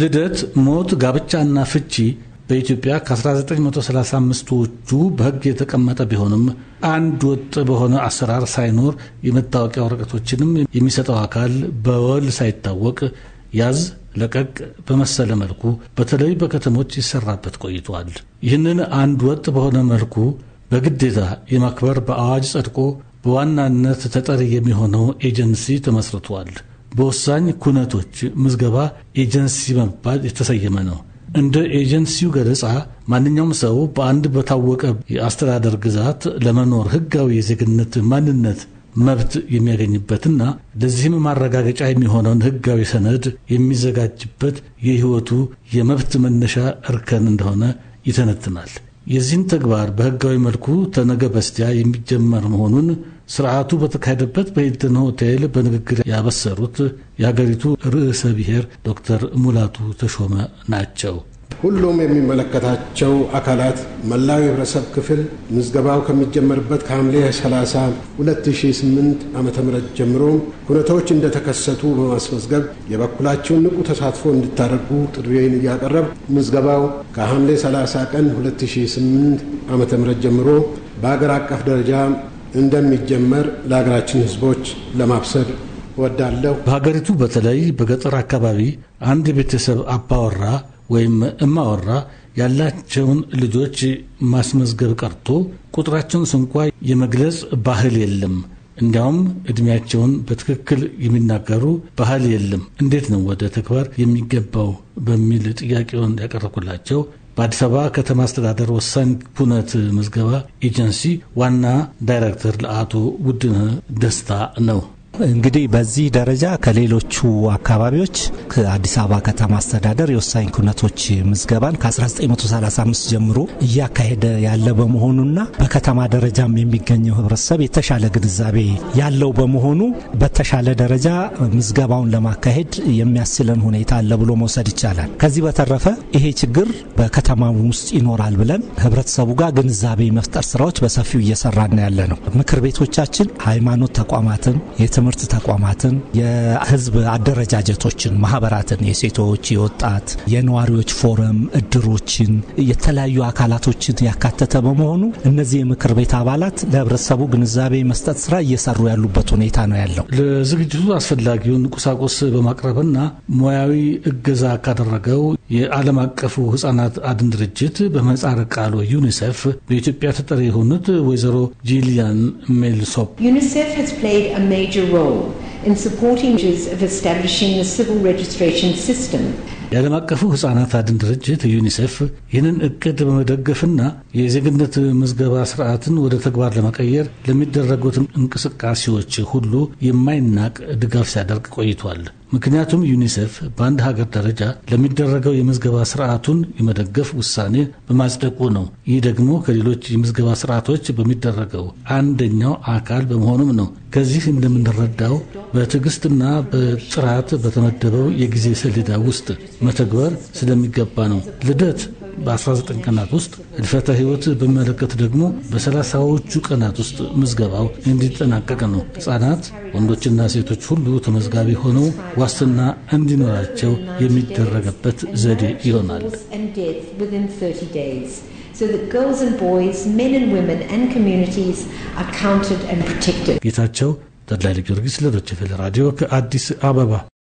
ልደት፣ ሞት፣ ጋብቻና ፍቺ በኢትዮጵያ ከ1935ዎቹ በሕግ የተቀመጠ ቢሆንም አንድ ወጥ በሆነ አሰራር ሳይኖር የመታወቂያ ወረቀቶችንም የሚሰጠው አካል በወል ሳይታወቅ ያዝ ለቀቅ በመሰለ መልኩ በተለይ በከተሞች ይሰራበት ቆይቷል። ይህንን አንድ ወጥ በሆነ መልኩ በግዴታ የማክበር በአዋጅ ጸድቆ በዋናነት ተጠሪ የሚሆነው ኤጀንሲ ተመስርቷል። በወሳኝ ኩነቶች ምዝገባ ኤጀንሲ በመባል የተሰየመ ነው። እንደ ኤጀንሲው ገለጻ ማንኛውም ሰው በአንድ በታወቀ የአስተዳደር ግዛት ለመኖር ህጋዊ የዜግነት ማንነት መብት የሚያገኝበትና ለዚህም ማረጋገጫ የሚሆነውን ህጋዊ ሰነድ የሚዘጋጅበት የህይወቱ የመብት መነሻ እርከን እንደሆነ ይተነትናል። የዚህን ተግባር በህጋዊ መልኩ ተነገ በስቲያ የሚጀመር መሆኑን ስርዓቱ በተካሄደበት በሂልተን ሆቴል በንግግር ያበሰሩት የሀገሪቱ ርዕሰ ብሔር ዶክተር ሙላቱ ተሾመ ናቸው። ሁሉም የሚመለከታቸው አካላት መላው የህብረተሰብ ክፍል ምዝገባው ከሚጀመርበት ከሐምሌ 30 2008 ዓ ም ጀምሮ ሁነቶች እንደተከሰቱ በማስመዝገብ የበኩላቸውን ንቁ ተሳትፎ እንድታደርጉ ጥሪዬን እያቀረብ ምዝገባው ከሐምሌ 30 ቀን 2008 ዓ ም ጀምሮ በአገር አቀፍ ደረጃ እንደሚጀመር ለሀገራችን ህዝቦች ለማብሰር ወዳለሁ። በሀገሪቱ በተለይ በገጠር አካባቢ አንድ ቤተሰብ አባወራ ወይም እማወራ ያላቸውን ልጆች ማስመዝገብ ቀርቶ ቁጥራቸውን ስንኳ የመግለጽ ባህል የለም። እንዲያውም እድሜያቸውን በትክክል የሚናገሩ ባህል የለም። እንዴት ነው ወደ ተግባር የሚገባው በሚል ጥያቄውን ያቀረብኩላቸው በአዲስ አበባ ከተማ አስተዳደር ወሳኝ ኩነት ምዝገባ ኤጀንሲ ዋና ዳይሬክተር ለአቶ ውድነህ ደስታ ነው። እንግዲህ በዚህ ደረጃ ከሌሎቹ አካባቢዎች ከአዲስ አበባ ከተማ አስተዳደር የወሳኝ ኩነቶች ምዝገባን ከ1935 ጀምሮ እያካሄደ ያለ በመሆኑና በከተማ ደረጃም የሚገኘው ህብረተሰብ የተሻለ ግንዛቤ ያለው በመሆኑ በተሻለ ደረጃ ምዝገባውን ለማካሄድ የሚያስችለን ሁኔታ አለ ብሎ መውሰድ ይቻላል። ከዚህ በተረፈ ይሄ ችግር በከተማ ውስጥ ይኖራል ብለን ህብረተሰቡ ጋር ግንዛቤ መፍጠር ስራዎች በሰፊው እየሰራን ያለ ነው። ምክር ቤቶቻችን ሃይማኖት ተቋማትን የትምህርት የትምህርት ተቋማትን፣ የህዝብ አደረጃጀቶችን፣ ማህበራትን፣ የሴቶች፣ የወጣት፣ የነዋሪዎች ፎረም፣ እድሮችን፣ የተለያዩ አካላቶችን ያካተተ በመሆኑ እነዚህ የምክር ቤት አባላት ለህብረተሰቡ ግንዛቤ መስጠት ስራ እየሰሩ ያሉበት ሁኔታ ነው ያለው። ለዝግጅቱ አስፈላጊውን ቁሳቁስ በማቅረብና ሙያዊ እገዛ ካደረገው የዓለም አቀፉ ህጻናት አድን ድርጅት በመጻረ ቃሉ ዩኒሴፍ በኢትዮጵያ ተጠሪ የሆኑት ወይዘሮ ጂሊያን ሜልሶፕ ዩኒሴፍ role in supporting measures of establishing a civil registration system የዓለም አቀፉ ሕፃናት አድን ድርጅት ዩኒሴፍ ይህንን እቅድ በመደገፍና የዜግነት ምዝገባ ስርዓትን ወደ ተግባር ለመቀየር ለሚደረጉት እንቅስቃሴዎች ሁሉ የማይናቅ ድጋፍ ሲያደርግ ቆይቷል። ምክንያቱም ዩኒሴፍ በአንድ ሀገር ደረጃ ለሚደረገው የምዝገባ ስርዓቱን የመደገፍ ውሳኔ በማጽደቁ ነው። ይህ ደግሞ ከሌሎች የምዝገባ ስርዓቶች በሚደረገው አንደኛው አካል በመሆኑም ነው። ከዚህ እንደምንረዳው በትዕግስትና በጥራት በተመደበው የጊዜ ሰሌዳ ውስጥ መተግበር ስለሚገባ ነው። ልደት በ19 ቀናት ውስጥ እልፈተ ሕይወት በሚመለከት ደግሞ በሰላሳዎቹ ቀናት ውስጥ ምዝገባው እንዲጠናቀቅ ነው። ህጻናት፣ ወንዶችና ሴቶች ሁሉ ተመዝጋቢ ሆነው ዋስትና እንዲኖራቸው የሚደረግበት ዘዴ ይሆናል። ጌታቸው ተድላ ጊዮርጊስ ለዶይቼ ቬለ ራዲዮ ከአዲስ አበባ